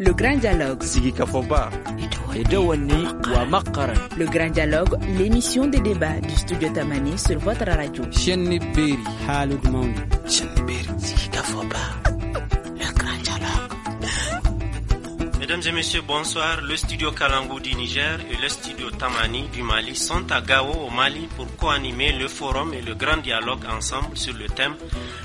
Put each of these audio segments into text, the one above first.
Le Grand Dialogue. Sigi Kafoba. Et de Wani Wamakara. Le Grand Dialogue, l'émission des débats du studio Tamani sur votre radio. Chenni Beri. Halou Mouni. Chenni Beri. Sigi Kafoba. Mesdames et messieurs, bonsoir. Le studio Kalangou du Niger et le studio Tamani du Mali sont à Gao au Mali pour co-animer le forum et le grand dialogue ensemble sur le thème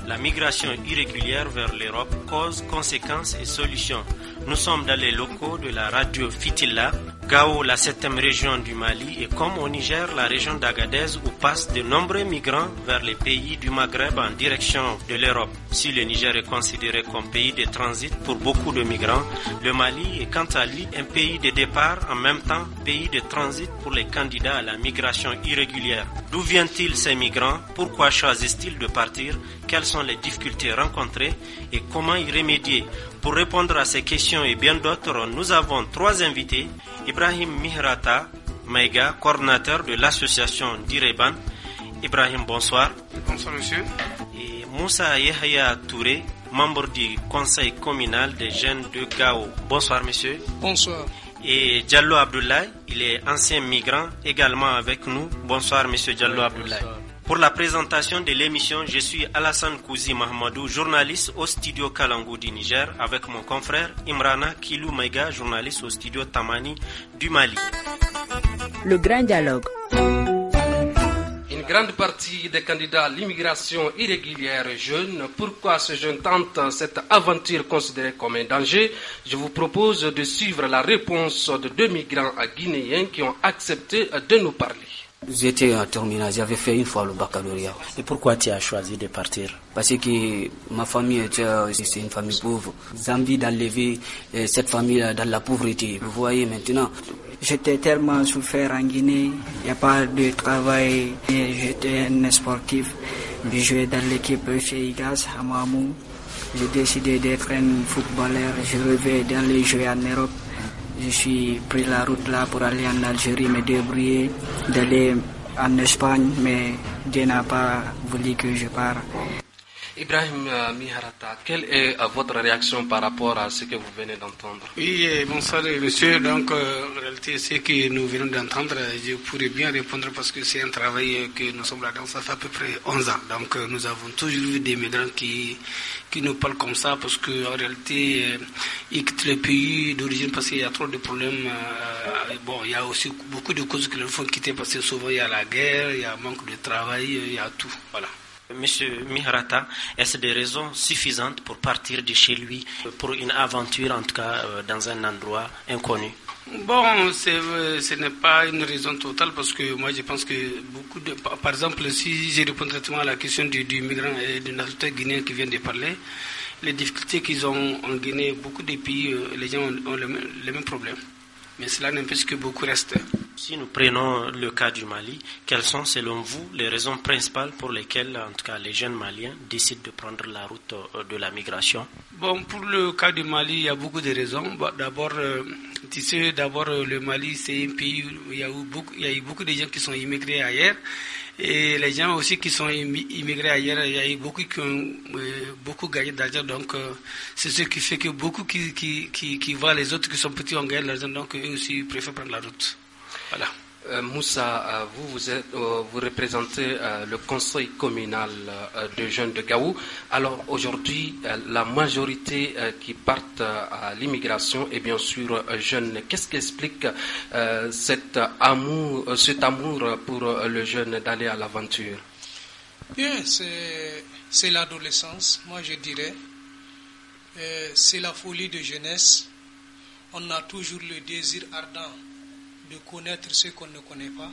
La migration irrégulière vers l'Europe, causes, conséquences et solutions. Nous sommes dans les locaux de la radio Fitila Gao, la septième région du Mali, et comme au Niger, la région d'Agadez où passent de nombreux migrants vers les pays du Maghreb en direction de l'Europe. Si le Niger est considéré comme pays de transit pour beaucoup de migrants, le Mali est quant à lui un pays de départ, en même temps pays de transit pour les candidats à la migration irrégulière. D'où viennent-ils ces migrants Pourquoi choisissent-ils de partir Quelles sont les difficultés rencontrées et comment y remédier Pour répondre à ces questions et bien d'autres, nous avons trois invités. Ibrahim Mihrata Maïga, coordinateur de l'association d'Ireban. Ibrahim, bonsoir. Bonsoir, monsieur. Et Moussa Yehaya Touré, membre du conseil communal des jeunes de Gao. Bonsoir, monsieur. Bonsoir. Et Diallo Abdoulaye, il est ancien migrant également avec nous. Bonsoir, monsieur Diallo Abdoulaye. Pour la présentation de l'émission, je suis Alassane Kouzi Mahmadou, journaliste au studio Kalangou du Niger, avec mon confrère Imrana Kilou Mega, journaliste au studio Tamani du Mali. Le Grand Dialogue. Une grande partie des candidats à l'immigration irrégulière jeune. Pourquoi ce jeune tente cette aventure considérée comme un danger Je vous propose de suivre la réponse de deux migrants guinéens qui ont accepté de nous parler. J'étais en terminale, j'avais fait une fois le baccalauréat. Et pourquoi tu as choisi de partir Parce que ma famille était euh, une famille pauvre. J'ai envie d'enlever cette famille euh, dans la pauvreté. Vous voyez maintenant. J'étais tellement souffert en Guinée. Il n'y a pas de travail. J'étais un sportif. Je jouais dans l'équipe chez IGAS à Mamou. J'ai décidé d'être un footballeur. Je rêvais les jouer en Europe. Je suis pris la route là pour aller en Algérie, me débrouiller, d'aller en Espagne, mais Dieu n'a pas voulu que je parte. Ibrahim euh, Miharata, quelle est euh, votre réaction par rapport à ce que vous venez d'entendre Oui, euh, bonsoir monsieur. Donc, en réalité, ce que nous venons d'entendre, je pourrais bien répondre parce que c'est un travail que nous sommes là dans ça fait à peu près 11 ans. Donc, nous avons toujours vu des migrants qui qui nous parle comme ça parce qu'en réalité, ils quittent le pays d'origine parce qu'il y a trop de problèmes. Euh, bon, il y a aussi beaucoup de causes qui leur font quitter parce que souvent il y a la guerre, il y a manque de travail, euh, il y a tout. Voilà. Monsieur Miharata, est-ce des raisons suffisantes pour partir de chez lui pour une aventure, en tout cas euh, dans un endroit inconnu Bon, euh, ce n'est pas une raison totale parce que moi je pense que beaucoup de. Par exemple, si j'ai répondu directement à la question du, migrant et du national guinéen qui vient de parler, les difficultés qu'ils ont en Guinée, beaucoup de pays, euh, les gens ont, ont les mêmes problèmes mais cela n'empêche que beaucoup restent. Si nous prenons le cas du Mali, quelles sont selon vous les raisons principales pour lesquelles, en tout cas, les jeunes Maliens décident de prendre la route euh, de la migration Bon, pour le cas du Mali, il y a beaucoup de raisons. d'abord, euh, tu sais, d'abord, euh, le Mali, c'est un pays où il y, a beaucoup, beaucoup de gens qui sont immigrés ailleurs et les gens aussi qui sont immigrés ailleurs, il y a eu beaucoup qui ont euh, beaucoup gagné d'argent. Donc, euh, c'est ce qui fait que beaucoup qui, qui, qui, qui voient les autres qui sont petits en gagné de l'argent. Donc, eux aussi, préfèrent prendre la route. Voilà. Euh, Moussa, euh, vous, vous, êtes, euh, représentez le conseil communal de jeunes de Gaou. Alors aujourd'hui, la majorité qui partent à l'immigration est bien sûr jeune. Qu'est-ce qui explique cet amour, cet amour pour le jeune d'aller à l'aventure Bien, c'est l'adolescence, moi je dirais. c'est la folie de jeunesse. On a toujours le désir ardent de connaître ce qu'on ne connaît pas,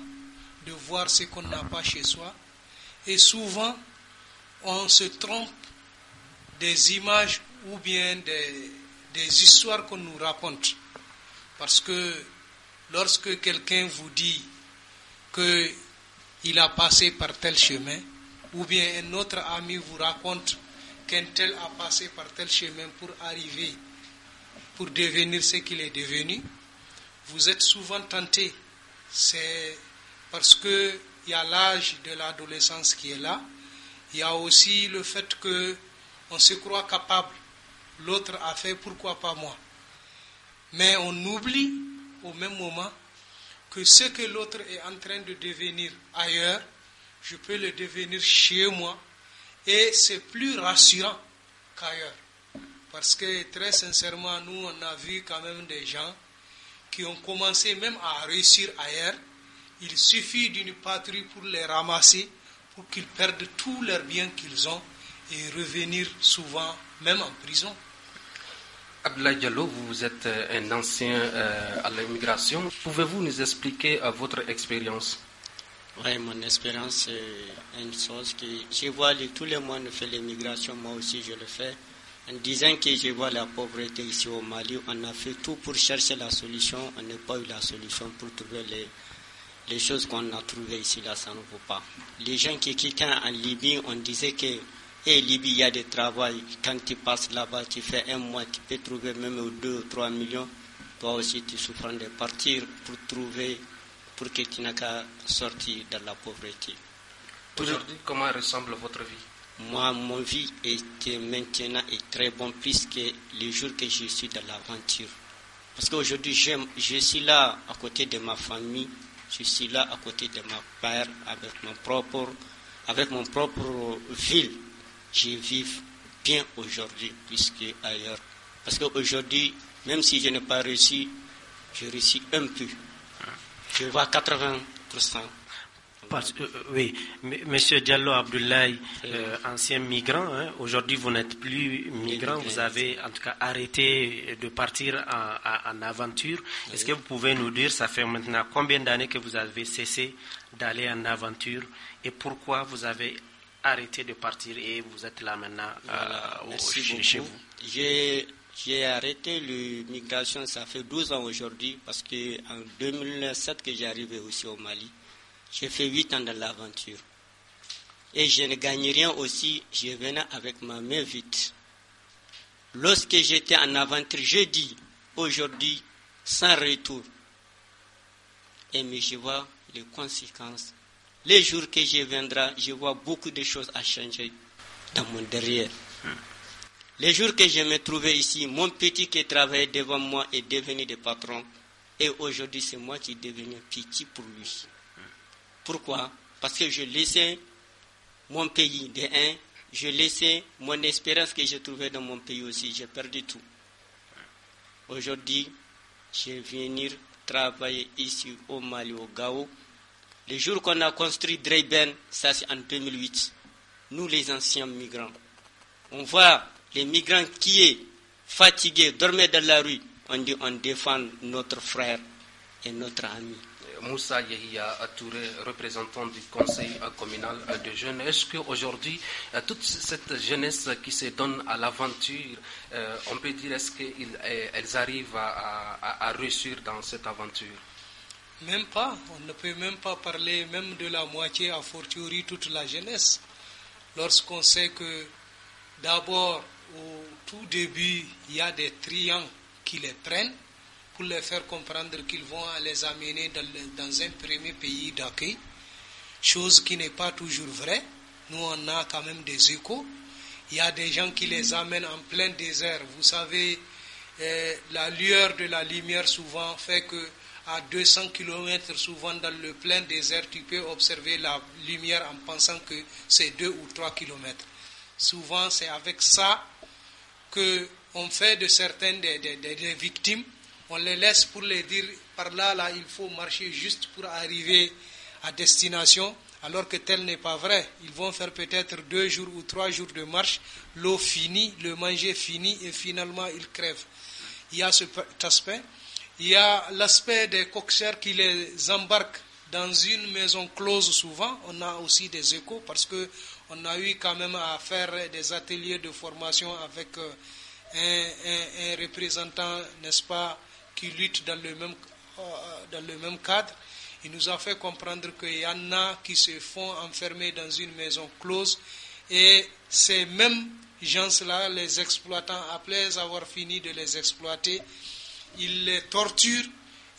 de voir ce qu'on n'a pas chez soi. Et souvent, on se trompe des images ou bien des, histoires qu'on nous raconte. Parce que lorsque quelqu'un vous dit qu'il a passé par tel chemin, ou bien un autre ami vous raconte qu'un tel a passé par tel chemin pour arriver, pour devenir ce qu'il est devenu, vous êtes souvent tenté. C'est parce qu'il y a l'âge de l'adolescence qui est là. Il y a aussi le fait que on se croit capable. L'autre a fait, pourquoi pas moi Mais on oublie au même moment que ce que l'autre est en train de devenir ailleurs, je peux le devenir chez moi. Et c'est plus rassurant qu'ailleurs. Parce que très sincèrement, nous, on a vu quand même des gens qui ont commencé même à réussir ailleurs, il suffit d'une patrie pour les ramasser, pour qu'ils perdent tous leurs biens qu'ils ont et revenir souvent même en prison. Abdoulaye Diallo, vous êtes euh, un ancien euh, à l'immigration. Pouvez-vous nous expliquer euh, votre expérience Oui, mon expérience, c'est une chose que... Je vois tous les mois, nous fait l'immigration, moi aussi je le fais en disant que je vois la pauvreté ici au Mali, on a fait tout pour chercher la solution, on n'a pas eu la solution pour trouver les, choses qu'on a trouvées ici, là, ça ne vaut pas. Les gens qui quittent en Libye, on disait que, et eh, Libye, il y a des travail, quand tu passes là-bas, tu fais un mois, tu peux trouver même deux ou 3 millions, toi aussi tu souffres de partir pour trouver, pour que tu n'as qu'à sortir de la pauvreté. Aujourd'hui, comment ressemble votre vie moi, mon vie est maintenant est très bon puisque les jours que je suis dans l'aventure. Parce qu'aujourd'hui, je suis là à côté de ma famille, je suis là à côté de ma père, avec mon propre, avec mon propre ville. Je vis bien aujourd'hui, puisque ailleurs. Parce qu'aujourd'hui, même si je n'ai pas réussi, je réussis un peu. Ah. Je vois 80%. Parce, euh, oui, Monsieur Diallo Abdoulaye, euh, ancien migrant, hein, aujourd'hui vous n'êtes plus migrant, vous avez en tout cas arrêté de partir en, aventure. Est-ce que vous pouvez nous dire, ça fait maintenant combien d'années que vous avez cessé d'aller en aventure et pourquoi vous avez arrêté de partir et vous êtes là maintenant euh, chez vous j'ai arrêté la migration, ça fait 12 ans aujourd'hui, parce que en 2007 que j'arrivais aussi au Mali. J'ai fait huit ans dans l'aventure. Et je ne gagne rien aussi, je venais avec ma main vite. Lorsque j'étais en aventure, je dis aujourd'hui sans retour. Et mais je vois les conséquences. Les jours que je viendrai, je vois beaucoup de choses à changer dans mon derrière. Les jours que je me trouvais ici, mon petit qui travaillait devant moi est devenu des patrons, Et aujourd'hui, c'est moi qui deviens petit pour lui. Pourquoi Parce que je laissais mon pays des uns, je laissais mon espérance que j'ai trouvais dans mon pays aussi, j'ai perdu tout. Aujourd'hui, je vais venir travailler ici au Mali, au Gao. Le jour qu'on a construit Dreyben, ça c'est en 2008. Nous les anciens migrants, on voit les migrants qui est fatigués, dormaient dans la rue. On dit on défend notre frère et notre ami. Moussa Yehia Atouré, représentant du conseil communal de jeunes. Est-ce qu'aujourd'hui, euh, toute cette jeunesse qui se donne à l'aventure, euh, on peut dire, est-ce qu'elles euh, arrivent à, réussir dans cette aventure Même pas. On ne peut même pas parler même de la moitié, à fortiori toute la jeunesse. Lorsqu'on sait que d'abord, au tout début, il y a des triangles qui les prennent pour les faire comprendre qu'ils vont les amener dans, un premier pays d'accueil, chose qui n'est pas toujours vraie. Nous, on a quand même des échos. Il y a des gens qui les amènent en plein désert. Vous savez, euh, la lueur de la lumière souvent fait que à 200 km souvent dans le plein désert, tu peux observer la lumière en pensant que c'est 2 ou 3 km. Souvent, c'est avec ça que on fait de certaines des victimes on les laisse pour les dire par là, là, il faut marcher juste pour arriver à destination, alors que tel n'est pas vrai. Ils vont faire peut-être deux jours ou trois jours de marche, l'eau finie, le manger fini, et finalement ils crèvent. Il y a cet aspect. Il y a l'aspect des coxers qui les embarquent dans une maison close souvent. On a aussi des échos parce que on a eu quand même à faire des ateliers de formation avec euh, un représentant, n'est-ce pas, qui luttent dans le même, euh, dans le même cadre. Il nous a fait comprendre qu'il y en a qui se font enfermer dans une maison close et ces mêmes gens-là, les exploitants, après avoir fini de les exploiter, ils les torturent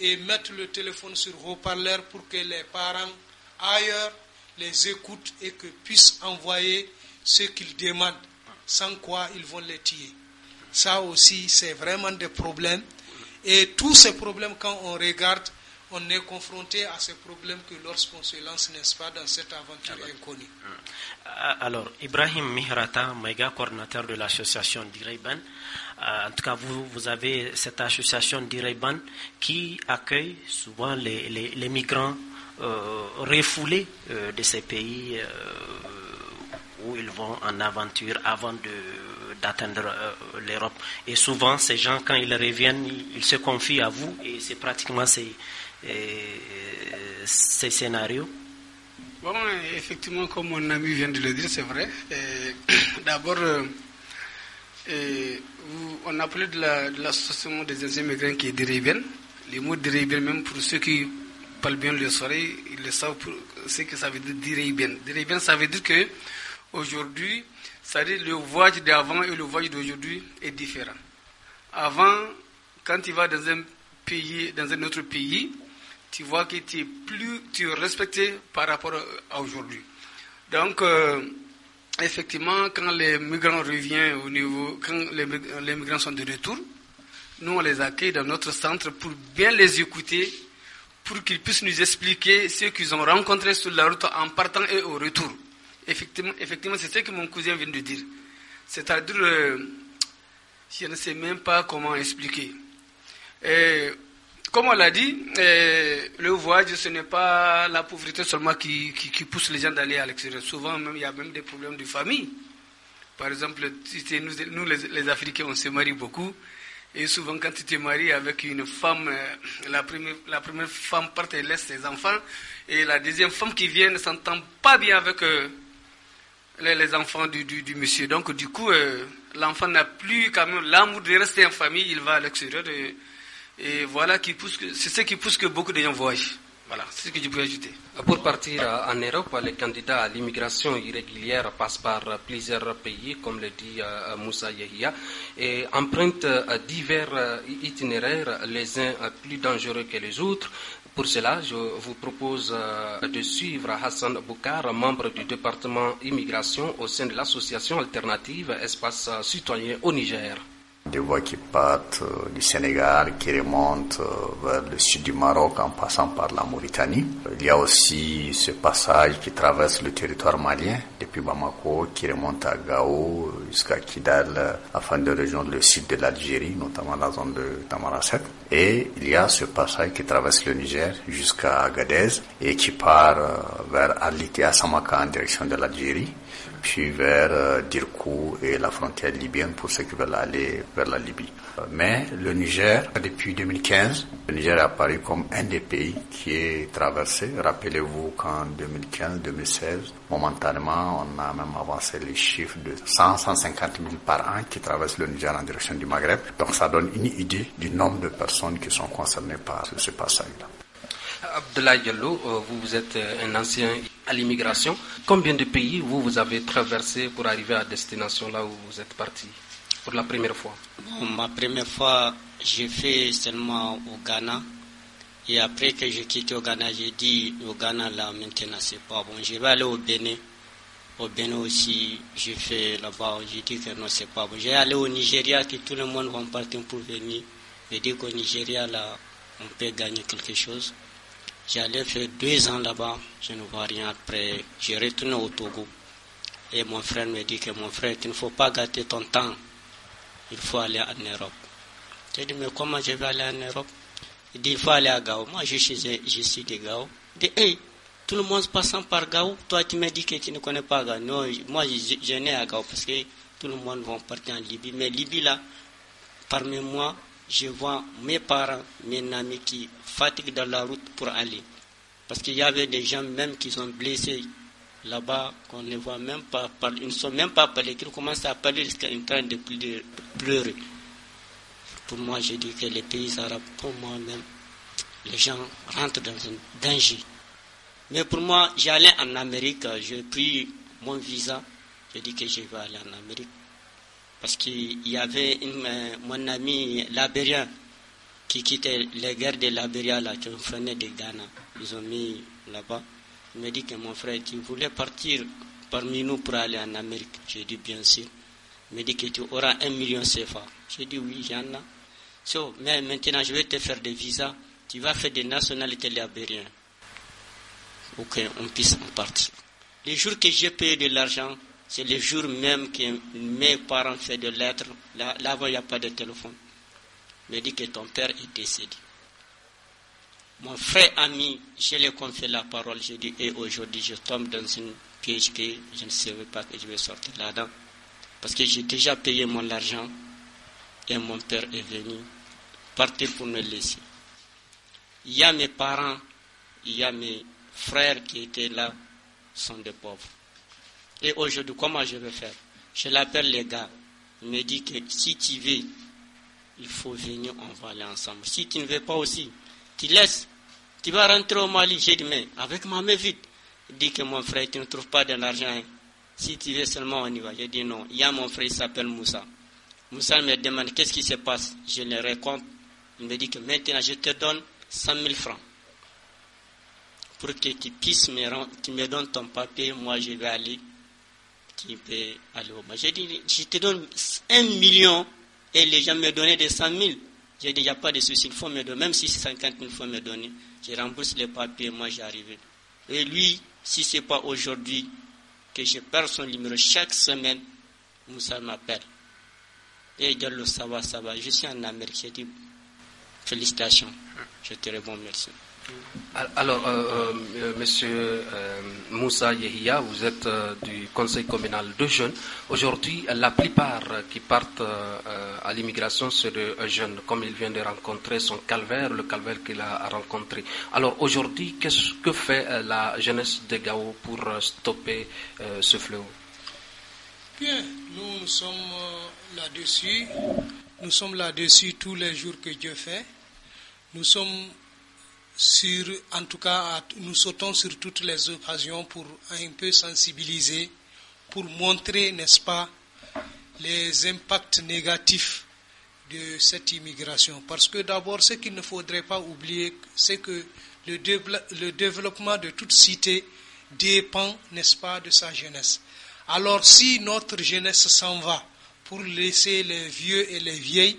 et mettent le téléphone sur haut-parleur pour que les parents ailleurs les écoutent et que puissent envoyer ce qu'ils demandent, sans quoi ils vont les tuer. Ça aussi, c'est vraiment des problèmes et tous ces problèmes, quand on regarde, on est confronté à ces problèmes que lorsqu'on se lance, n'est-ce pas, dans cette aventure ah bah. inconnue. Ah, ah, alors, Ibrahim Mihrata, maïga, coordinateur de l'association d'Irayban, en tout cas, vous, vous avez cette association Diraïban qui accueille souvent les, migrants euh, refoulés euh, de ces pays. Euh, où ils vont en aventure avant d'atteindre euh, l'Europe. Et souvent, ces gens, quand ils reviennent, ils, se confient à vous et c'est pratiquement ces, euh, ces scénarios. Bon, effectivement, comme mon ami vient de le dire, c'est vrai. D'abord, euh, on a parlé de l'association des anciens migrants qui est Les mots même pour ceux qui parlent bien le soir ils le savent, pour, ce que ça veut dire Deribienne. Deribienne, ça veut dire que aujourd'hui, c'est-à-dire le voyage d'avant et le voyage d'aujourd'hui est différent. Avant, quand tu vas dans un pays, dans un autre pays, tu vois que tu es plus respecté par rapport à aujourd'hui. Donc, euh, effectivement, quand les migrants reviennent au niveau, quand les, les, migrants sont de retour, nous on les accueille dans notre centre pour bien les écouter, pour qu'ils puissent nous expliquer ce qu'ils ont rencontré sur la route en partant et au retour. Effectivement, effectivement c'est ce que mon cousin vient de dire. C'est-à-dire, euh, je ne sais même pas comment expliquer. Et, euh, comme on l'a dit, euh, le voyage, ce n'est pas la pauvreté seulement qui, qui, pousse les gens d'aller à l'extérieur. Souvent, même, il y a même des problèmes de famille. Par exemple, nous, nous les, Africains, on se marie beaucoup. Et souvent, quand tu te maries avec une femme, la, première, la première femme part et laisse ses enfants. Et la deuxième femme qui vient ne s'entend pas bien avec eux les, enfants du, du, monsieur. Donc, du coup, euh, l'enfant n'a plus quand même l'amour de rester en famille, il va à l'extérieur. Et, voilà, qui pousse c'est ce qui pousse que beaucoup de gens voyagent. Voilà, c'est ce que je peux ajouter. Pour partir en Europe, les candidats à l'immigration irrégulière passent par plusieurs pays, comme le dit euh, Moussa Yahia, et empruntent euh, divers itinéraires, les uns plus dangereux que les autres. Pour cela, je vous propose euh, de suivre Hassan Boukar, membre du département immigration au sein de l'association alternative Espace citoyen au Niger. Des voies qui partent euh, du Sénégal, qui remontent euh, vers le sud du Maroc en passant par la Mauritanie. Il y a aussi ce passage qui traverse le territoire malien puis Bamako qui remonte à Gao jusqu'à Kidal afin de rejoindre le sud de l'Algérie, notamment la zone de Tamaracet. Et il y a ce passage qui traverse le Niger jusqu'à Agadez et qui part euh, vers Alité à Samaka en direction de l'Algérie puis vers euh, Dirkou et la frontière libyenne pour ceux qui veulent aller vers la Libye. Euh, mais le Niger, depuis 2015, le Niger est apparu comme un des pays qui est traversé. Rappelez-vous qu'en 2015-2016, momentanément, on a même avancé les chiffres de 100-150 000 par an qui traversent le Niger en direction du Maghreb. Donc ça donne une idée du nombre de personnes qui sont concernées par ce passage-là. Abdoulaye Diallo, euh, vous êtes un ancien à l'immigration. Combien de pays vous, vous avez traversé pour arriver à destination là où vous êtes parti pour la première fois Ma première fois, j'ai fait seulement au Ghana. Et après que j'ai quitté au Ghana, j'ai dit au Ghana là maintenant c'est pas bon. Je vais aller au Bénin. Au Bénin aussi, j'ai fait là-bas. J'ai dit que non, c'est pas bon. J'ai allé au Nigeria que tout le monde va partir pour venir. et dit qu'au Nigeria là, on peut gagner quelque chose. J'allais faire deux ans là-bas, je ne vois rien après. Je retourne au Togo. Et mon frère me dit que mon frère, il ne faut pas gâter ton temps. Il faut aller en Europe. J'ai dit, mais comment je vais aller en Europe Il dit, il faut aller à Gao. Moi, je suis, je suis de Gao. Il dit, hey, tout le monde passant par Gao, toi tu me dis que tu ne connais pas Gao. Non, moi je, je n'ai à Gao parce que tout le monde va partir en Libye. Mais Libye là, parmi moi, je vois mes parents, mes amis qui fatiguent dans la route pour aller. Parce qu'il y avait des gens même qui sont blessés là-bas, qu'on ne voit même pas parler. Ils ne sont même pas parlés. Ils commencent à parler jusqu'à en train de pleurer. Pour moi, je dis que les pays arabes, pour moi-même, les gens rentrent dans un danger. Mais pour moi, j'allais en Amérique, j'ai pris mon visa, Je dis que je vais aller en Amérique. Parce qu'il y avait euh, mon ami labérien qui quittait les guerres de Labéria, là, qui venait de Ghana. Ils ont mis là-bas. Il m'a dit que mon frère, tu voulais partir parmi nous pour aller en Amérique. J'ai dit bien sûr. Il m'a dit que tu auras un million CFA. J'ai dit oui, j'en ai. So, mais maintenant, je vais te faire des visas. Tu vas faire des nationalités labériennes. Pour qu'on puisse en partir. Les jours que j'ai payé de l'argent, c'est le jour même que mes parents font des lettres. Là, là il n'y a pas de téléphone. me dit que ton père est décédé. Mon frère ami, je lui ai confié la parole. Je dit, et eh, aujourd'hui, je tombe dans une piège que je ne savais pas que je vais sortir là-dedans. Parce que j'ai déjà payé mon argent et mon père est venu partir pour me laisser. Il y a mes parents, il y a mes frères qui étaient là, sont des pauvres. Et aujourd'hui, comment je vais faire Je l'appelle les gars. Il me dit que si tu veux, il faut venir, on va aller ensemble. Si tu ne veux pas aussi, tu laisses. Tu vas rentrer au Mali. J'ai dit, mais avec ma main vite. Il dit que mon frère, tu ne trouves pas de l'argent. Hein. Si tu veux seulement, on y va. J'ai dit non. Il y a mon frère, il s'appelle Moussa. Moussa me demande qu'est-ce qui se passe. Je le raconte. Il me dit que maintenant, je te donne 100 000 francs pour que tu puisses me, rendre, tu me donnes ton papier. Moi, je vais aller qui peut aller au J'ai dit, je te donne un million et les gens me donnaient des cent mille. J'ai dit, il n'y a pas de souci, il faut me donner. Même si c'est 50 000, il faut me donner. Je rembourse les papiers, moi j'arrive. Et lui, si ce n'est pas aujourd'hui que je perds son numéro, chaque semaine, Moussa m'appelle. Et dit, ça va, ça va. Je suis en Amérique. J'ai dit, félicitations. Je te réponds, merci. Alors, euh, euh, euh, monsieur Moussa Yehia, vous êtes du conseil communal de jeunes. Aujourd'hui, la plupart qui partent à l'immigration, c'est des jeunes. Comme il vient de rencontrer son calvaire, le calvaire qu'il a rencontré. Alors, aujourd'hui, qu'est-ce que fait la jeunesse de Gao pour stopper ce fléau Bien, nous sommes là-dessus. Nous sommes là-dessus tous les jours que Dieu fait. Nous sommes sur, en tout cas, nous sautons sur toutes les occasions pour un peu sensibiliser, pour montrer, n'est-ce pas, les impacts négatifs de cette immigration. Parce que d'abord, ce qu'il ne faudrait pas oublier, c'est que le, le développement de toute cité dépend, n'est-ce pas, de sa jeunesse. Alors si notre jeunesse s'en va pour laisser les vieux et les vieilles,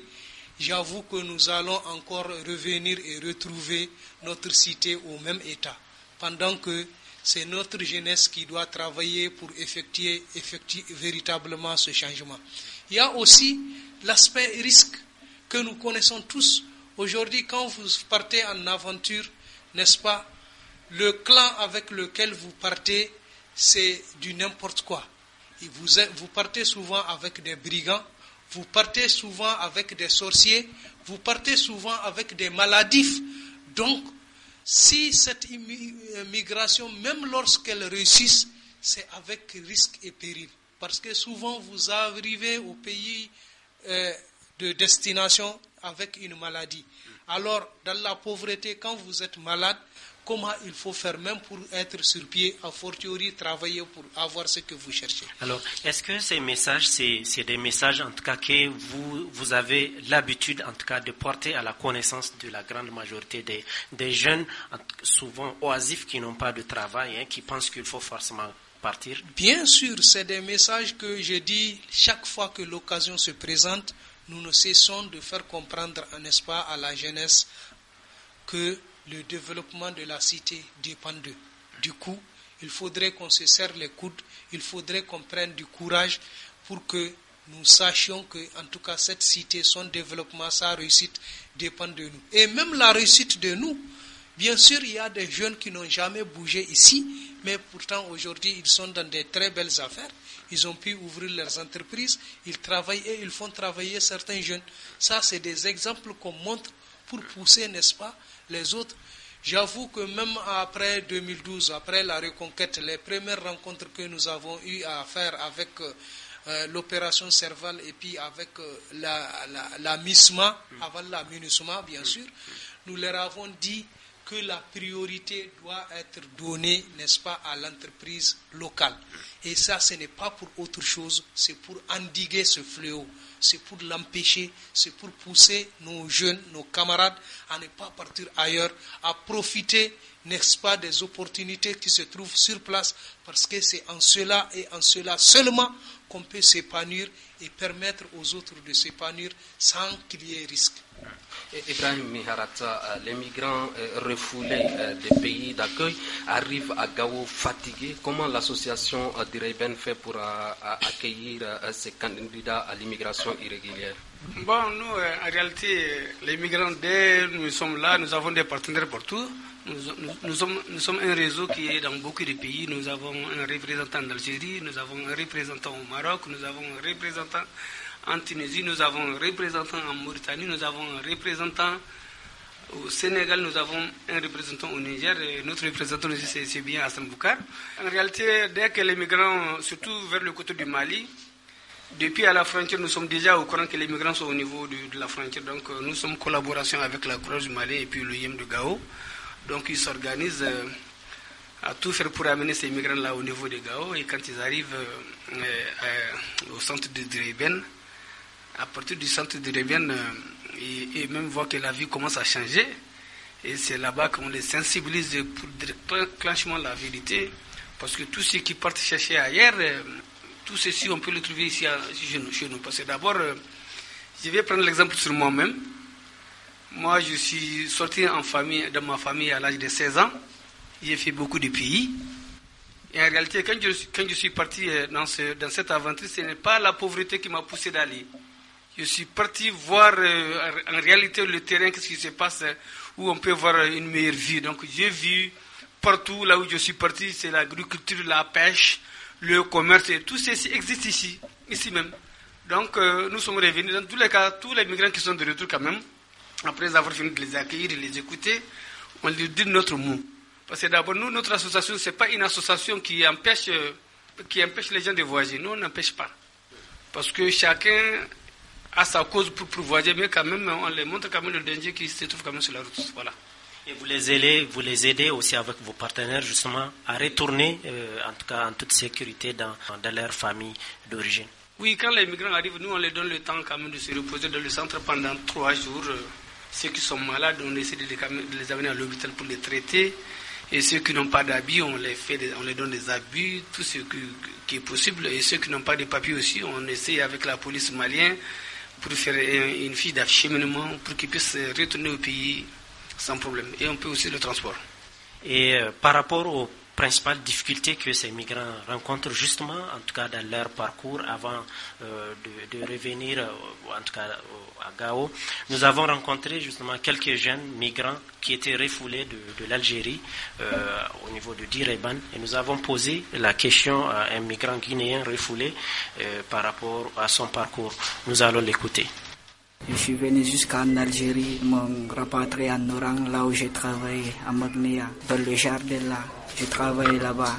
j'avoue que nous allons encore revenir et retrouver notre cité au même état, pendant que c'est notre jeunesse qui doit travailler pour effectuer, effectuer véritablement ce changement. Il y a aussi l'aspect risque que nous connaissons tous. Aujourd'hui, quand vous partez en aventure, n'est-ce pas, le clan avec lequel vous partez, c'est du n'importe quoi. vous, vous partez souvent avec des brigands, vous partez souvent avec des sorciers, vous partez souvent avec des maladifs. Donc, si cette euh, migration, même lorsqu'elle réussisse, c'est avec risque et péril. Parce que souvent, vous arrivez au pays euh, de destination avec une maladie. Alors, dans la pauvreté, quand vous êtes malade, comment il faut faire même pour être sur pied, a fortiori travailler pour avoir ce que vous cherchez. Alors, est-ce que ces messages, c'est des messages en tout cas que vous, vous avez l'habitude en tout cas de porter à la connaissance de la grande majorité des, des jeunes, souvent oisifs qui n'ont pas de travail, hein, qui pensent qu'il faut forcément partir Bien sûr, c'est des messages que je dis chaque fois que l'occasion se présente. Nous ne cessons de faire comprendre, n'est-ce pas, à la jeunesse que le développement de la cité dépend d'eux. Du coup, il faudrait qu'on se serre les coudes, il faudrait qu'on prenne du courage pour que nous sachions que, en tout cas, cette cité, son développement, sa réussite dépend de nous. Et même la réussite de nous, bien sûr, il y a des jeunes qui n'ont jamais bougé ici, mais pourtant aujourd'hui, ils sont dans des très belles affaires. Ils ont pu ouvrir leurs entreprises, ils travaillent et ils font travailler certains jeunes. Ça, c'est des exemples qu'on montre pour pousser, n'est-ce pas, les autres. J'avoue que même après 2012, après la reconquête, les premières rencontres que nous avons eues à faire avec euh, euh, l'opération Serval et puis avec euh, la, la, la MISMA, mm. avant la MINUSMA, bien mm. sûr, nous leur avons dit que la priorité doit être donnée, n'est-ce pas, à l'entreprise locale. Et ça, ce n'est pas pour autre chose, c'est pour endiguer ce fléau, c'est pour l'empêcher, c'est pour pousser nos jeunes, nos camarades à ne pas partir ailleurs, à profiter, n'est-ce pas, des opportunités qui se trouvent sur place, parce que c'est en cela et en cela seulement qu'on peut s'épanouir et permettre aux autres de s'épanouir sans qu'il y ait risque. Ibrahim Miharata, euh, les migrants euh, refoulés euh, des pays d'accueil arrivent à Gao fatigués. Comment l'association d'Ireben fait pour accueillir ces candidats à l'immigration irrégulière Bon, nous, en réalité, les migrants, nous sommes là, nous avons des partenaires partout. Nous, nous, sommes, nous, sommes, un réseau qui est dans beaucoup de pays. Nous avons un représentant d'Algérie, nous avons un représentant au Maroc, nous avons un représentant en Tunisie, nous avons un représentant. En Mauritanie, nous avons un représentant. Au Sénégal, nous avons un représentant au Niger et notre représentant c'est bien à Boukar. En réalité, dès que les migrants, surtout vers le côté du Mali, depuis à la frontière, nous sommes déjà au courant que les migrants sont au niveau de, la frontière. Donc, euh, nous sommes en collaboration avec la Croix du Mali et puis le Yem de Gao. Donc, ils s'organisent euh, à tout faire pour amener ces migrants-là au niveau de Gao. Et quand ils arrivent euh, au centre de Drében, à partir du centre de Révienne, euh, et, même voir que la vie commence à changer. Et c'est là-bas qu'on les sensibilise pour déclenchement de la vérité. Parce que tous ceux qui partent chercher ailleurs, euh, tout ceci, on peut le trouver ici chez, nous, Parce que d'abord, euh, je vais prendre l'exemple sur moi-même. Moi, je suis sorti en famille, de ma famille à l'âge de 16 ans. J'ai fait beaucoup de pays. Et en réalité, quand je, quand je suis parti dans, ce, dans cette aventure, ce n'est pas la pauvreté qui m'a poussé d'aller. Je suis parti voir euh, en réalité le terrain, qu'est-ce qui se passe, où on peut avoir une meilleure vie. Donc j'ai vu partout là où je suis parti, c'est l'agriculture, la pêche, le commerce, et tout ceci existe ici, ici même. Donc euh, nous sommes revenus, dans tous les cas, tous les migrants qui sont de retour quand même, après avoir fini de les accueillir et les écouter, on leur dit notre mot. Parce que d'abord, nous, notre association, ce n'est pas une association qui empêche, euh, qui empêche les gens de voyager. Nous, on n'empêche pas. Parce que chacun à sa cause pour provoquer, bien quand même, on les montre quand même le danger qui se trouve quand même sur la route. Et vous les aidez, vous les aidez aussi avec vos partenaires justement à retourner, euh, en tout cas en toute sécurité, dans, dans leur famille d'origine. Oui, quand les migrants arrivent, nous on les donne le temps quand même de se reposer dans le centre pendant trois jours. Euh, ceux qui sont malades, on essaie de les, amener à l'hôpital pour les traiter. Et ceux qui n'ont pas d'habits, on les fait, on les donne des abus, tout ce qui, qui est possible. Et ceux qui n'ont pas de papiers aussi, on essaie avec la police malienne pour faire euh, une fille d'acheminement pour qu'il puisse retourner au pays sans problème. Et on peut aussi le transport. Et euh, par rapport au principale difficulté que ces migrants rencontrent justement, en tout cas dans leur parcours avant euh, de, revenir, euh, en tout cas euh, à Gao. Nous avons rencontré justement quelques jeunes migrants qui étaient refoulés de, l'Algérie au niveau de Direban et nous avons posé la question à un migrant guinéen refoulé par rapport à son parcours. Nous allons l'écouter. Je suis venu jusqu'en Algérie, mon rapatrier en Oran, là où j'ai travaillé, à Magnéa, dans le jardin là. J'ai travaillé là-bas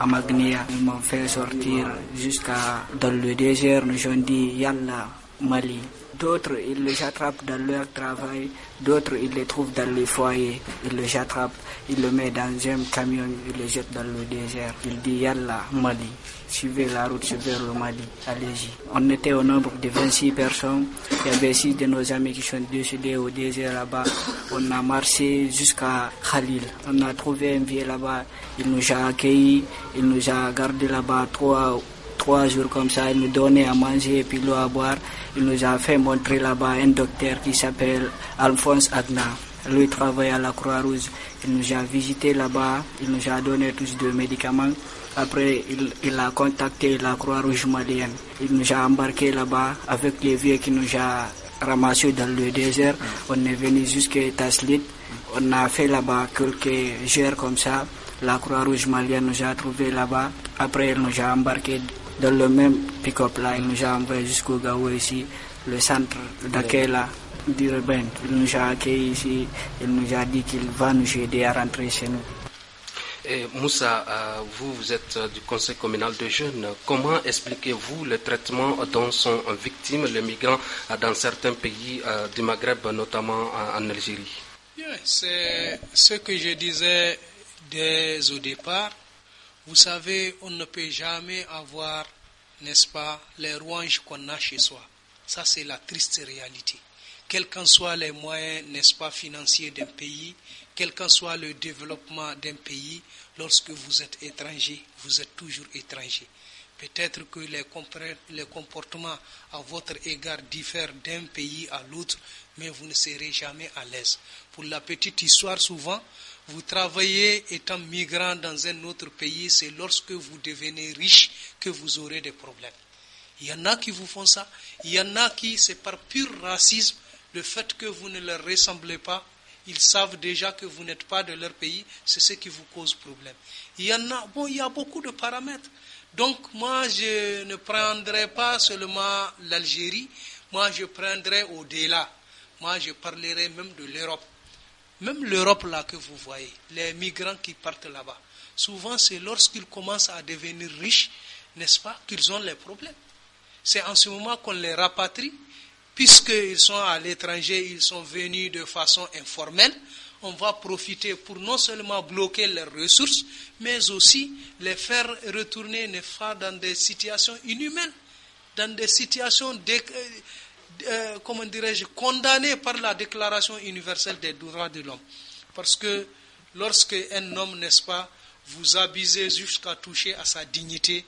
à Magnéa, Ils m'ont fait sortir jusqu'à dans le désert. Nous ont dit Yallah, Mali. D'autres, ils les attrapent dans leur travail, d'autres, ils les trouvent dans les foyers, ils les attrapent, ils le mettent dans un camion, ils les jettent dans le désert. Ils disent « Yalla, Mali, suivez la route vers le Mali, allez-y. On était au nombre de 26 personnes, il y avait 6 de nos amis qui sont décédés au désert là-bas. On a marché jusqu'à Khalil, on a trouvé un vieil là-bas, il nous a accueillis, il nous a gardés là-bas trois trois jours comme ça. Il nous donnait à manger et puis l'eau à boire. Il nous a fait montrer là-bas un docteur qui s'appelle Alphonse Adna. Lui travaille à la Croix-Rouge. Il nous a visité là-bas. Il nous a donné tous deux médicaments. Après, il, a contacté la Croix-Rouge malienne. Il nous a embarqué là-bas avec les vieux qui nous a ramassés dans le désert. On est venu jusqu'à Taslit. On a fait là-bas quelques jours comme ça. La Croix-Rouge malienne nous a trouvés là-bas. Après, il nous a embarqués dans le même pick-up il nous a envoyé jusqu'au Gao ici, le centre d'accueil du Rebent. Il nous a accueillis ici, il nous a dit qu'il va nous aider à rentrer chez nous. Moussa, euh, vous, vous êtes euh, du Conseil communal de jeunes. Comment expliquez-vous le traitement dont sont victimes les migrants euh, dans certains pays du Maghreb, notamment en Algérie c'est ce que je disais dès au départ. Vous savez, on ne peut jamais avoir, n'est-ce pas, les rouges qu'on a chez soi. Ça, c'est la triste réalité. Quels qu'en soient les moyens, n'est-ce pas, financiers d'un pays, quel qu'en soit le développement d'un pays, lorsque vous êtes étranger, vous êtes toujours étranger. Peut-être que les, comportements à votre égard diffèrent d'un pays à l'autre, mais vous ne serez jamais à l'aise. Pour la petite histoire, souvent, vous travaillez étant migrant dans un autre pays, c'est lorsque vous devenez riche que vous aurez des problèmes. Il y en a qui vous font ça. Il y en a qui, c'est par pur racisme, le fait que vous ne leur ressemblez pas, ils savent déjà que vous n'êtes pas de leur pays, c'est ce qui vous cause problème. Il y en a, bon, il y a beaucoup de paramètres. Donc moi, je ne prendrai pas seulement l'Algérie, moi je prendrai au-delà. Moi, je parlerai même de l'Europe. Même l'Europe là que vous voyez, les migrants qui partent là-bas, souvent c'est lorsqu'ils commencent à devenir riches, n'est-ce pas, qu'ils ont les problèmes. C'est en ce moment qu'on les rapatrie, puisqu'ils sont à l'étranger, ils sont venus de façon informelle. On va profiter pour non seulement bloquer leurs ressources, mais aussi les faire retourner, nest pas, dans des situations inhumaines, dans des situations euh, comment dirais-je, condamné par la Déclaration universelle des droits de l'homme. Parce que lorsque un homme, n'est-ce pas, vous abusez jusqu'à toucher à sa dignité,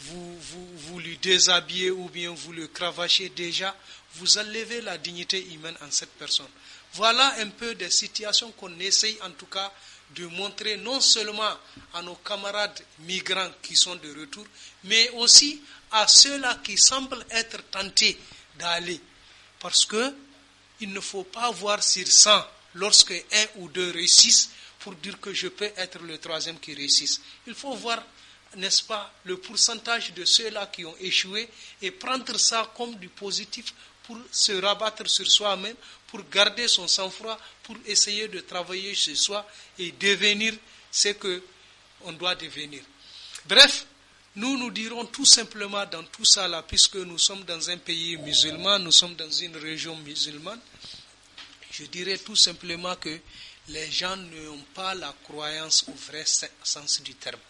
vous, vous, vous lui déshabillez ou bien vous le cravachez déjà, vous enlevez la dignité humaine en cette personne. Voilà un peu des situations qu'on essaye en tout cas de montrer non seulement à nos camarades migrants qui sont de retour, mais aussi à ceux-là qui semblent être tentés d'aller. Parce que il ne faut pas voir sur 100 lorsque un ou deux réussissent pour dire que je peux être le troisième qui réussisse. Il faut voir, n'est-ce pas, le pourcentage de ceux-là qui ont échoué et prendre ça comme du positif pour se rabattre sur soi-même, pour garder son sang-froid, pour essayer de travailler chez soi et devenir ce que on doit devenir. Bref, nous, nous dirons tout simplement dans tout ça, là, puisque nous sommes dans un pays musulman, nous sommes dans une région musulmane, je dirais tout simplement que les gens n'ont pas la croyance au vrai sens du terme.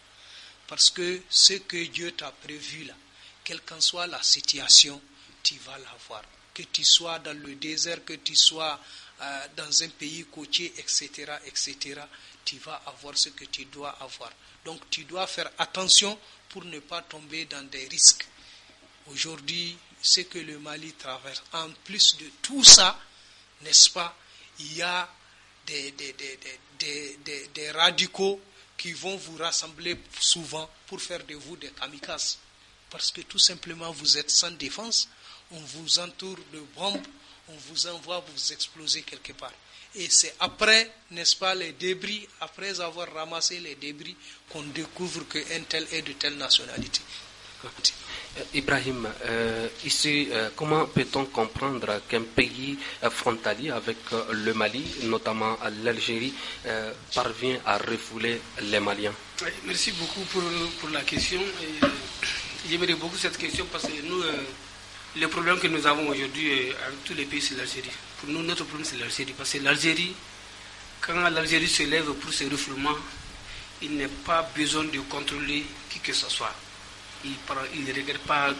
Parce que ce que Dieu t'a prévu là, quelle qu'en soit la situation, tu vas l'avoir. Que tu sois dans le désert, que tu sois euh, dans un pays côtier, etc., etc., tu vas avoir ce que tu dois avoir. Donc tu dois faire attention pour ne pas tomber dans des risques. Aujourd'hui, ce que le Mali traverse, en plus de tout ça, n'est-ce pas, il y a des, des, radicaux qui vont vous rassembler souvent pour faire de vous des kamikazes. Parce que tout simplement, vous êtes sans défense, on vous entoure de bombes, on vous envoie vous exploser quelque part. Et c'est après, n'est-ce pas, les débris, après avoir ramassé les débris, qu'on découvre qu'un tel est de telle nationalité. Euh, Ibrahim, euh, ici, euh, comment peut-on comprendre qu'un pays frontalier avec le Mali, notamment l'Algérie, parvient à refouler les Maliens Merci beaucoup pour, pour la question. J'aimerais beaucoup cette question parce que nous, le problème que nous avons aujourd'hui euh, avec tous les pays, c'est l'Algérie. Pour nous, notre problème, c'est l'Algérie. Parce que l'Algérie, quand l'Algérie se lève pour ses refoulements, il n'a pas besoin de contrôler qui que ce soit. Il, prend, il ne regarde pas,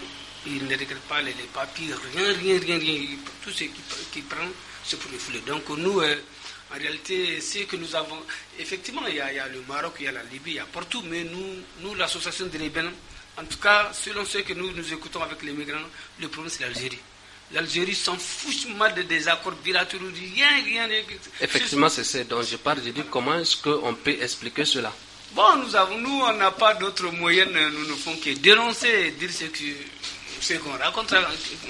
il ne regarde pas les, papiers, rien, rien, rien, Tout ce qu'il qui prend, c'est pour les fouler. Donc nous, euh, en réalité, ce que nous avons, effectivement, il y, a, le Maroc, il y a la Libye, il y a partout, mais nous, nous l'association de l'Ébène, en tout cas, selon ce que nous nous écoutons avec les migrants, le problème c'est l'Algérie. L'Algérie s'en fout mal de des accords bilatéraux, rien, rien. Effectivement, c'est ce dont je parle. Je dis comment est-ce qu'on peut expliquer cela Bon, nous avons, nous, on n'a pas d'autre moyen. Nous ne font que dénoncer dire ce que ce qu'on raconte,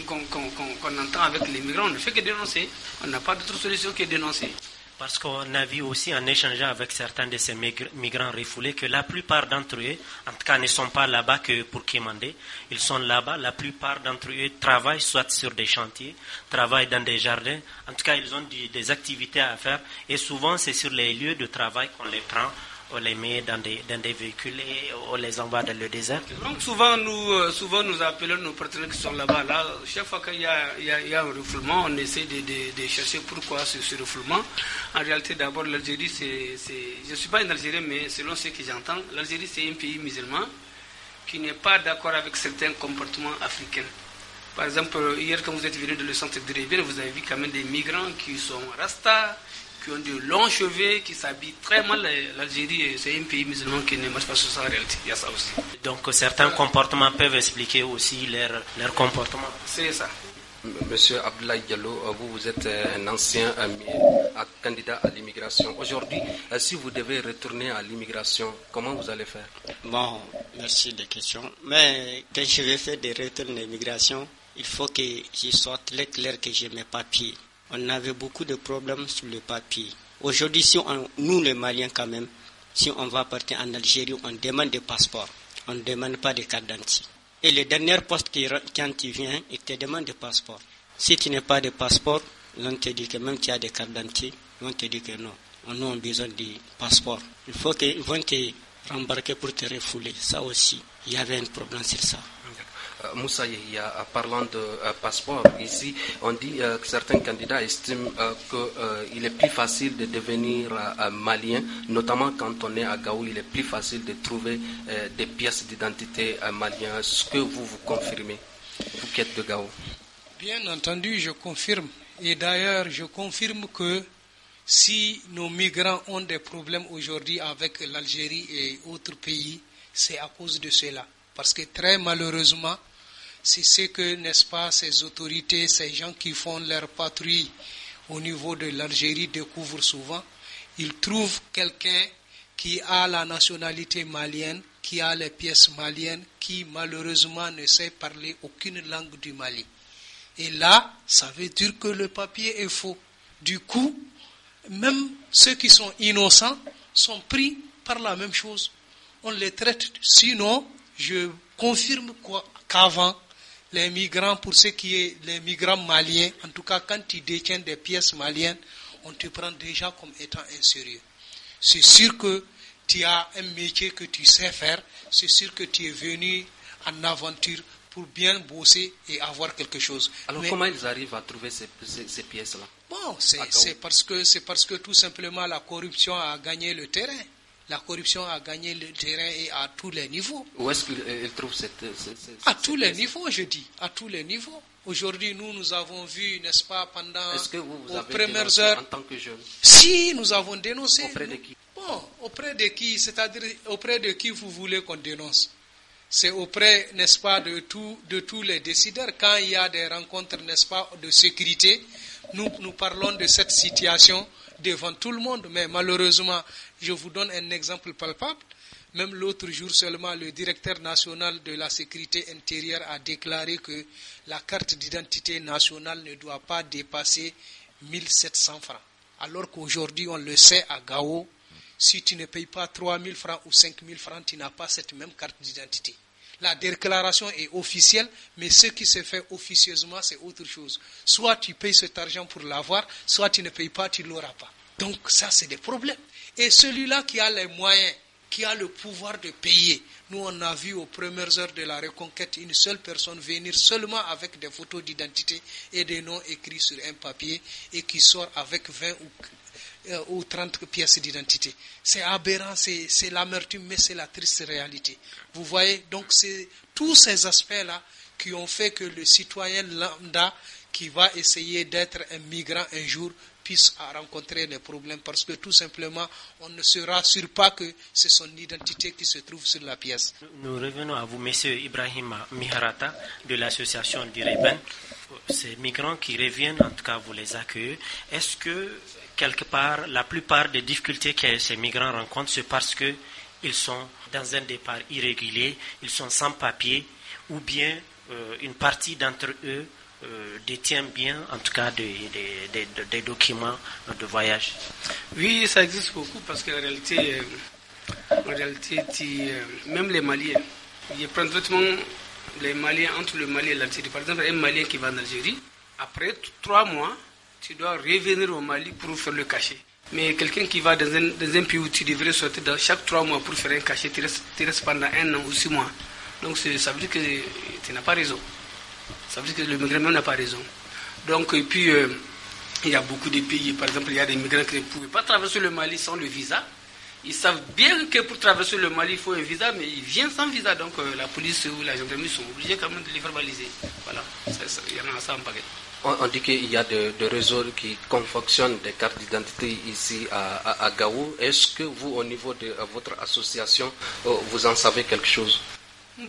qu'on entend avec les migrants. On ne fait que dénoncer. On n'a pas d'autre solution que dénoncer. Parce qu'on a vu aussi en échangeant avec certains de ces migrants refoulés que la plupart d'entre eux, en tout cas, ne sont pas là-bas que pour quémander Ils sont là-bas. La plupart d'entre eux travaillent soit sur des chantiers, travaillent dans des jardins. En tout cas, ils ont des activités à faire. Et souvent, c'est sur les lieux de travail qu'on les prend on les met dans des, véhicules et on les envoie dans le désert. Donc souvent nous, euh, souvent nous appelons nos partenaires qui sont là-bas. Là, chaque fois qu'il y, a, un refoulement, on essaie de, chercher pourquoi ce, ce refoulement. En réalité, d'abord, l'Algérie, c'est, je ne suis pas un Algérien, mais selon ce que j'entends, l'Algérie, c'est un pays musulman qui n'est pas d'accord avec certains comportements africains. Par exemple, hier, quand vous êtes venu de le centre de Rivière, vous avez vu quand même des migrants qui sont rasta, qui ont de longs cheveux, qui s'habillent très mal. L'Algérie, c'est un pays musulman qui ne marche pas sur sa réalité. Il y a ça aussi. Donc euh, certains comportements peuvent expliquer aussi leur, leur comportement. C'est ça. Monsieur Abdoulaye Diallo, euh, vous, vous êtes euh, un ancien candidat à l'immigration. Aujourd'hui, si vous devez retourner à l'immigration, comment vous allez faire Bon, merci des questions. Mais quand je vais faire des retours à l'immigration, il faut que je sois très clair que j'ai mes papiers on avait beaucoup de problèmes sur le papier. Aujourd'hui, si on, nous les Maliens quand même, si on va partir en Algérie, on demande des passeports, on ne demande pas de carte d'identité. Et le dernier poste qui, quand tu viens, il te demande des passeports. Si tu n'as pas de passeport, l'on te dit que même tu as des cartes d'identité, l'on te dit que non, on a besoin de passeport. Il faut qu'ils vont te rembarquer pour te refouler. Ça aussi, il y avait un problème sur ça. Euh, Moussa Yehia, euh, parlant de euh, passeport, ici, on dit que certains candidats estiment qu'il est plus facile de devenir malien, notamment quand on est à Gao, il est plus facile de trouver des pièces d'identité maliennes. Est-ce que vous vous confirmez, vous qui êtes de Gao Bien entendu, je confirme. Et d'ailleurs, je confirme que si nos migrants ont des problèmes aujourd'hui avec l'Algérie et autres pays, c'est à cause de cela. Parce que très malheureusement, c'est ce que, n'est-ce pas, ces autorités, ces gens qui font leur patrouille au niveau de l'Algérie découvrent souvent. Ils trouvent quelqu'un qui a la nationalité malienne, qui a les pièces maliennes, qui malheureusement ne sait parler aucune langue du Mali. Et là, ça veut dire que le papier est faux. Du coup, même ceux qui sont innocents sont pris par la même chose. On les traite. Sinon, je confirme quoi qu'avant, les migrants, pour ceux qui est les migrants maliens, en tout cas quand tu détiennent des pièces maliennes, on te prend déjà comme étant insérieux. C'est sûr que tu as un métier que tu sais faire, c'est sûr que tu es venu en aventure pour bien bosser et avoir quelque chose. Alors comment ils arrivent à trouver ces, pièces-là c'est parce que c'est parce que tout simplement la corruption a gagné le terrain la corruption a gagné le terrain et à tous les niveaux. Où est-ce qu'elle euh, trouve cette, euh, À tous les niveaux, je dis, à tous les niveaux. Aujourd'hui, nous, nous avons vu, n'est-ce pas, pendant Est-ce que vous, vous avez En tant que jeune Si, nous avons dénoncé. Auprès de qui Bon, auprès de qui C'est-à-dire, auprès de qui vous voulez qu'on dénonce c'est auprès, n'est-ce pas, de, tout, de tous les décideurs. Quand il y a des rencontres, n'est-ce pas, de sécurité, nous, nous parlons de cette situation devant tout le monde. Mais malheureusement, je vous donne un exemple palpable. Même l'autre jour seulement, le directeur national de la sécurité intérieure a déclaré que la carte d'identité nationale ne doit pas dépasser 700 francs. Alors qu'aujourd'hui, on le sait à Gao, si tu ne payes pas 000 francs ou 000 francs, tu n'as pas cette même carte d'identité. La déclaration est officielle, mais ce qui se fait officieusement, c'est autre chose. Soit tu payes cet argent pour l'avoir, soit tu ne payes pas, tu ne l'auras pas. Donc ça, c'est des problèmes. Et celui-là qui a les moyens, qui a le pouvoir de payer. Nous, on a vu aux premières heures de la reconquête une seule personne venir seulement avec des photos d'identité et des noms écrits sur un papier et qui sort avec 20 ou, 30 euh, pièces d'identité. C'est aberrant, c'est l'amertume, mais c'est la triste réalité. Vous voyez, donc c'est tous ces aspects-là qui ont fait que le citoyen lambda qui va essayer d'être un migrant un jour à rencontrer des problèmes parce que tout simplement, on ne se rassure pas que c'est son identité qui se trouve sur la pièce. Nous revenons à vous, Monsieur Ibrahim Miharata de l'association d'Ireben. Ces migrants qui reviennent, en tout cas, vous les accueillez. Est-ce que, quelque part, la plupart des difficultés que ces migrants rencontrent, c'est parce que ils sont dans un départ irrégulier, ils sont sans papier, ou bien euh, une partie d'entre eux euh, détient bien, en tout cas, des, documents de voyage Oui, ça existe beaucoup parce qu'en réalité, euh, réalité euh, même les Maliens, ils prennent vêtements. les Maliens entre le Mali et l'Algérie. Par exemple, un Malien qui va en Algérie, après trois mois, tu dois revenir au Mali pour faire le cachet. Mais quelqu'un qui va dans un, pays où tu devrais sortir chaque trois mois pour faire un cachet, tu restes, tu restes pendant un an ou six mois. Donc ça veut dire que tu n'as pas raison. Ça veut dire que le migrant n'a pas raison. Donc, et puis, euh, il y a beaucoup de pays, par exemple, il y a des migrants qui ne pouvaient pas traverser le Mali sans le visa. Ils savent bien que pour traverser le Mali, il faut un visa, mais ils viennent sans visa. Donc, euh, la police ou la gendarmerie sont obligés quand même de les verbaliser. Voilà, il y en a ça en paquet. On, dit qu'il y a des réseaux qui confectionnent des cartes d'identité ici à, Gao. Est-ce que vous, au niveau de votre association, euh, vous en savez quelque chose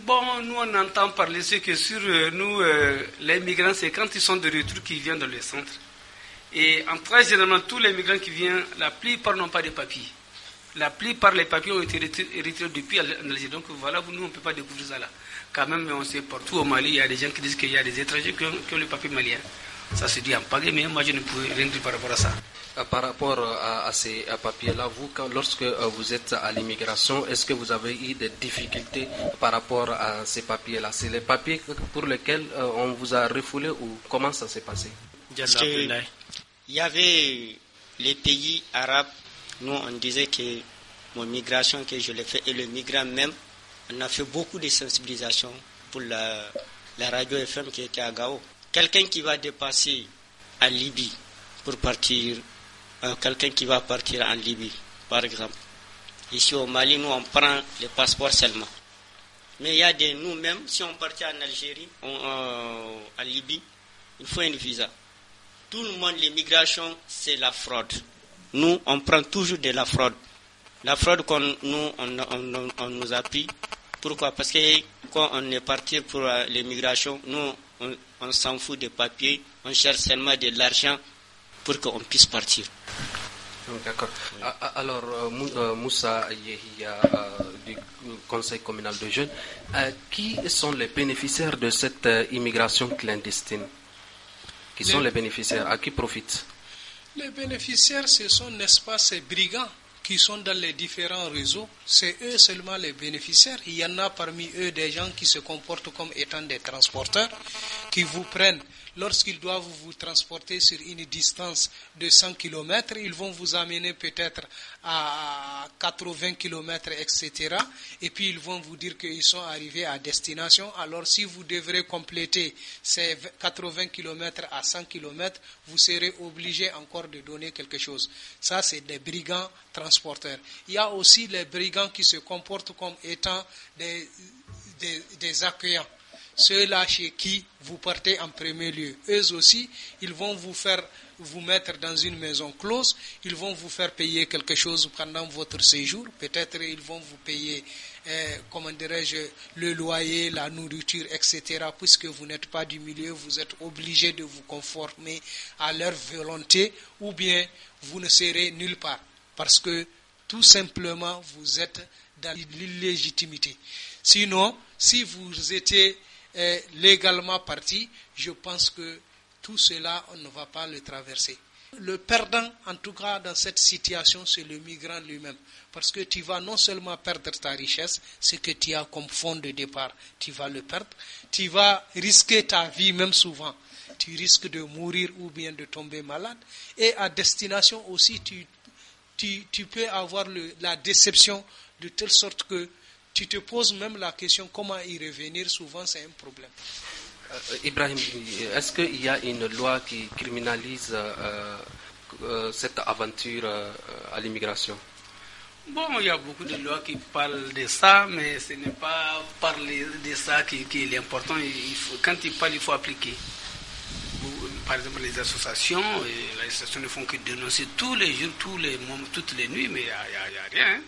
Bon, nous on entend parler ce que sur euh, nous, euh, les migrants, c'est quand ils sont de retour qu'ils viennent dans le centre. Et en très généralement, tous les migrants qui viennent, la plupart n'ont pas de papiers. La plupart des papiers ont été retirés depuis l'Algérie. Donc voilà, nous, on ne peut pas découvrir ça là. Quand même, on sait partout au Mali, il y a des gens qui disent qu'il y a des étrangers qui ont, le papier malien. Ça se dit en pagaie, mais moi, je ne pouvais rien dire par rapport à ça. Euh, par rapport euh, à, ces euh, papiers-là, vous, quand, lorsque vous êtes à l'immigration, est-ce que vous avez eu des difficultés par rapport à ces papiers-là C'est les papiers pour lesquels on vous a refoulé ou comment ça s'est passé il y avait les pays arabes, nous on disait que mon migration que je l'ai fait et le migrant même, on a fait beaucoup de sensibilisation pour la, la radio FM qui était à Gao. Quelqu'un qui va dépasser à Libye pour partir euh, quelqu'un qui va partir en Libye, par exemple. Ici au Mali, nous, on prend le passeport seulement. Mais il y a des nous-mêmes, si on part en Algérie, euh, en Libye, il faut une visa. Tout le monde, l'immigration, c'est la fraude. Nous, on prend toujours de la fraude. La fraude qu'on nous, on, on, nous appuie. Pourquoi Parce que quand on est parti pour euh, l'immigration, nous, on s'en fout des papiers, on cherche seulement de l'argent pour qu'on puisse partir. D'accord. Alors, euh, euh, Moussa Yehia, euh, du Conseil communal de jeunes, qui sont les bénéficiaires de cette immigration clandestine Qui sont les bénéficiaires À qui profitent Les bénéficiaires, ce sont, n'est-ce pas, ces brigands qui sont dans les différents réseaux. C'est eux seulement les bénéficiaires. Il y en a parmi eux des gens qui se comportent comme étant des transporteurs, qui vous prennent lorsqu'ils doivent vous transporter sur une distance de 100 km, ils vont vous amener peut-être à 80 km, etc. Et puis ils vont vous dire qu'ils sont arrivés à destination. Alors si vous devrez compléter ces 80 km à 100 km, vous serez obligé encore de donner quelque chose. Ça, c'est des brigands transporteurs. Il y a aussi les brigands qui se comportent comme étant des, des, des accueillants ceux-là chez qui vous partez en premier lieu. Eux aussi, ils vont vous faire vous mettre dans une maison close, ils vont vous faire payer quelque chose pendant votre séjour, peut-être ils vont vous payer, euh, comment dirais-je, le loyer, la nourriture, etc., puisque vous n'êtes pas du milieu, vous êtes obligé de vous conformer à leur volonté, ou bien vous ne serez nulle part, parce que tout simplement, vous êtes dans l'illégitimité. Sinon, si vous étiez est légalement parti, je pense que tout cela, on ne va pas le traverser. Le perdant, en tout cas dans cette situation, c'est le migrant lui-même. Parce que tu vas non seulement perdre ta richesse, ce que tu as comme fonds de départ, tu vas le perdre, tu vas risquer ta vie même souvent. Tu risques de mourir ou bien de tomber malade. Et à destination aussi, tu, tu, tu peux avoir la déception de telle sorte que tu te poses même la question comment y revenir, souvent c'est un problème. Euh, Ibrahim, est-ce qu'il y a une loi qui criminalise euh, euh, cette aventure à l'immigration Bon, il y a beaucoup de lois qui parlent de ça, mais ce n'est pas parler de ça qui, est important. Quand il parle, il faut appliquer. Par exemple, les associations, les associations ne font que dénoncer tous les jours, tous les toutes les nuits, mais il n'y a, a, rien. Hein.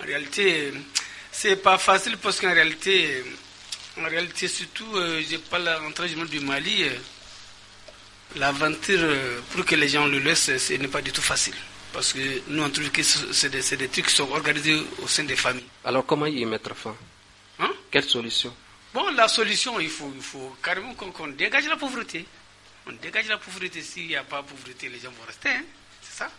En réalité, c'est pas facile parce qu'en réalité, en réalité surtout, euh, je parle en du Mali, euh, l'aventure euh, pour que les gens le laissent, ce n'est pas du tout facile. Parce que nous, on trouve que c'est des, trucs qui sont organisés au sein des familles. Alors comment y mettre fin hein? Quelle solution Bon, la solution, il faut, il faut carrément qu'on dégage la pauvreté. On dégage la pauvreté. S'il n'y a pas de pauvreté, les gens vont rester. Hein. C'est ça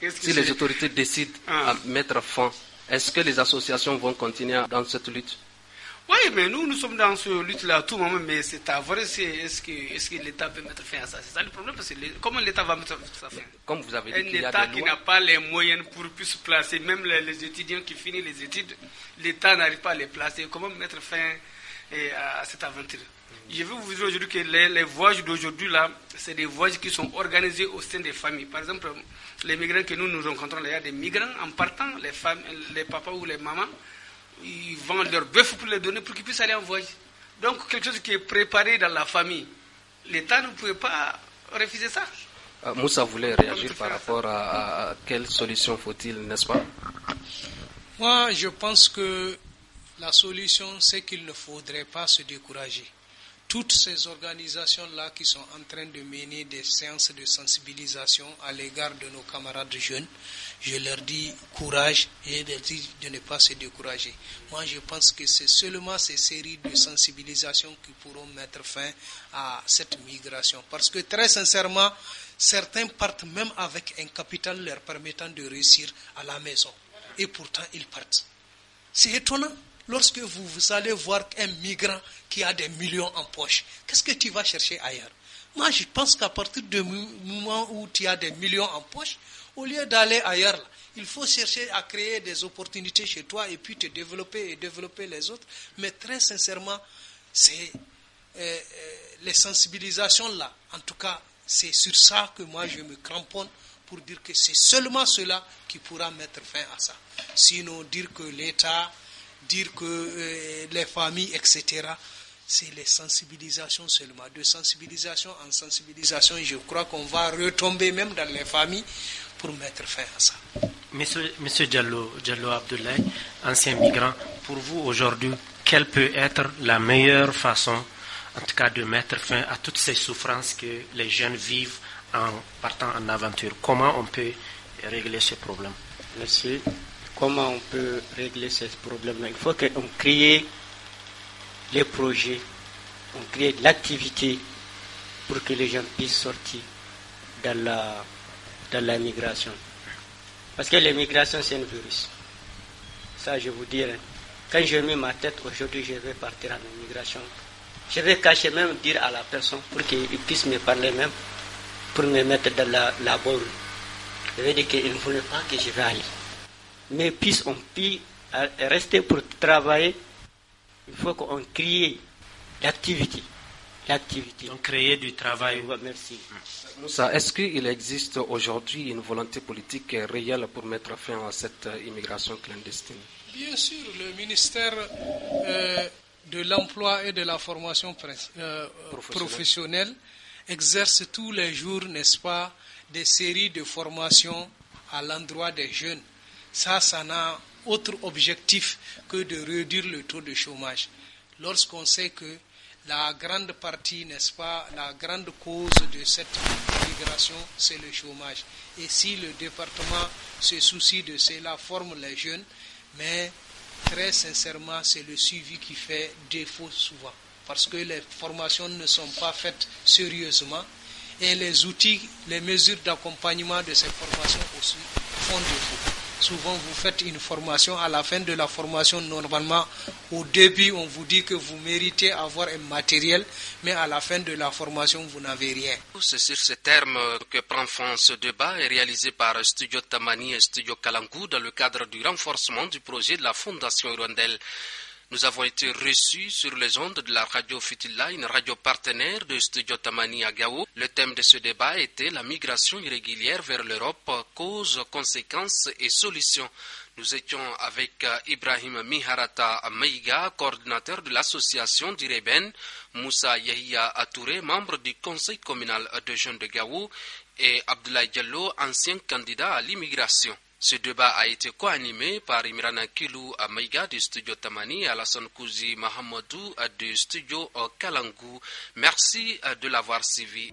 si les autorités décident ah. à mettre fin est-ce que les associations vont continuer dans cette lutte Oui, mais nous, nous sommes dans cette lutte-là à tout moment, mais c'est à voir est-ce que, l'État peut mettre fin à ça. C'est ça le problème, parce que comment l'État va mettre fin à ça Comme vous avez dit, Un État qui n'a pas les moyens pour se placer, même les étudiants qui finissent les études, l'État n'arrive pas à les placer. Comment mettre fin eh, à cette aventure je veux vous dire aujourd'hui que les, voyages d'aujourd'hui, là, c'est des voyages qui sont organisés au sein des familles. Par exemple, les migrants que nous nous rencontrons, il y a des migrants en partant, les, femmes, les papas ou les mamans, ils vendent leur bœuf pour les donner pour qu'ils puissent aller en voyage. Donc, quelque chose qui est préparé dans la famille. L'État ne pouvait pas refuser ça. Euh, Moussa voulait réagir par rapport à quelle solution faut-il, n'est-ce pas Moi, je pense que la solution, c'est qu'il ne faudrait pas se décourager toutes ces organisations-là qui sont en train de mener des séances de sensibilisation à l'égard de nos camarades jeunes, je leur dis courage et de ne pas se décourager. Moi, je pense que c'est seulement ces séries de sensibilisation qui pourront mettre fin à cette migration. Parce que très sincèrement, certains partent même avec un capital leur permettant de réussir à la maison. Et pourtant, ils partent. C'est étonnant lorsque vous, vous allez voir un migrant qui a des millions en poche, qu'est-ce que tu vas chercher ailleurs Moi, je pense qu'à partir du moment où tu as des millions en poche, au lieu d'aller ailleurs, il faut chercher à créer des opportunités chez toi et puis te développer et développer les autres. Mais très sincèrement, c'est euh, euh, les sensibilisations là. En tout cas, c'est sur ça que moi je me cramponne pour dire que c'est seulement cela qui pourra mettre fin à ça. Sinon, dire que l'État dire que euh, les familles, etc., c'est les sensibilisations seulement. De sensibilisation en sensibilisation, je crois qu'on va retomber même dans les familles pour mettre fin à ça. Monsieur, Monsieur Diallo, Abdoulaye, ancien migrant, pour vous aujourd'hui, quelle peut être la meilleure façon, en tout cas, de mettre fin à toutes ces souffrances que les jeunes vivent en partant en aventure Comment on peut régler ce problème Merci comment on peut régler ces problèmes-là. Il faut qu'on crée les projets, on crée de l'activité pour que les gens puissent sortir de la, migration. Parce que l'immigration, c'est un virus. Ça, je vous dirais. Quand j'ai mis ma tête aujourd'hui, je vais partir en immigration. Je vais cacher même dire à la personne pour qu'il puisse me parler même, pour me mettre dans la, la Je vais dire qu'il ne voulait pas que je vais aller mais puisse euh, on rester pour travailler, il faut qu'on crée l'activité. L'activité. Donc créer du travail. Merci. est-ce qu'il existe aujourd'hui une volonté politique réelle pour mettre fin à cette immigration clandestine Bien sûr, le ministère euh, de l'Emploi et de la Formation euh, professionnelle exerce tous les jours, n'est-ce pas, des séries de formations à l'endroit des jeunes. Ça, ça n'a autre objectif que de réduire le taux de chômage. Lorsqu'on sait que la grande partie, n'est-ce pas, la grande cause de cette migration, c'est le chômage. Et si le département se soucie de cela, forme les jeunes, mais très sincèrement, c'est le suivi qui fait défaut souvent, parce que les formations ne sont pas faites sérieusement et les outils, les mesures d'accompagnement de ces formations aussi font défaut. Souvent, vous faites une formation. À la fin de la formation, normalement, au début, on vous dit que vous méritez avoir un matériel, mais à la fin de la formation, vous n'avez rien. C'est sur ce terme que prend fin ce débat est réalisé par Studio Tamani et Studio Kalangu dans le cadre du renforcement du projet de la Fondation Rwandelle. Nous avons été reçus sur les ondes de la radio Futilla, une radio partenaire de Studio Tamani à Gao. Le thème de ce débat était la migration irrégulière vers l'Europe, causes, conséquences et solutions. Nous étions avec euh, Ibrahim Miharata Meiga, coordinateur de l'association d'Ireben, Moussa Yahia Atouré, membre du conseil communal de jeunes de Gao, et Abdoulaye Diallo, ancien candidat à l'immigration. Ce débat a été co-animé par Imran Kilou Amaïga du studio Tamani, Alassane Kouzi Mahamadou du studio Kalangu. Merci de l'avoir suivi.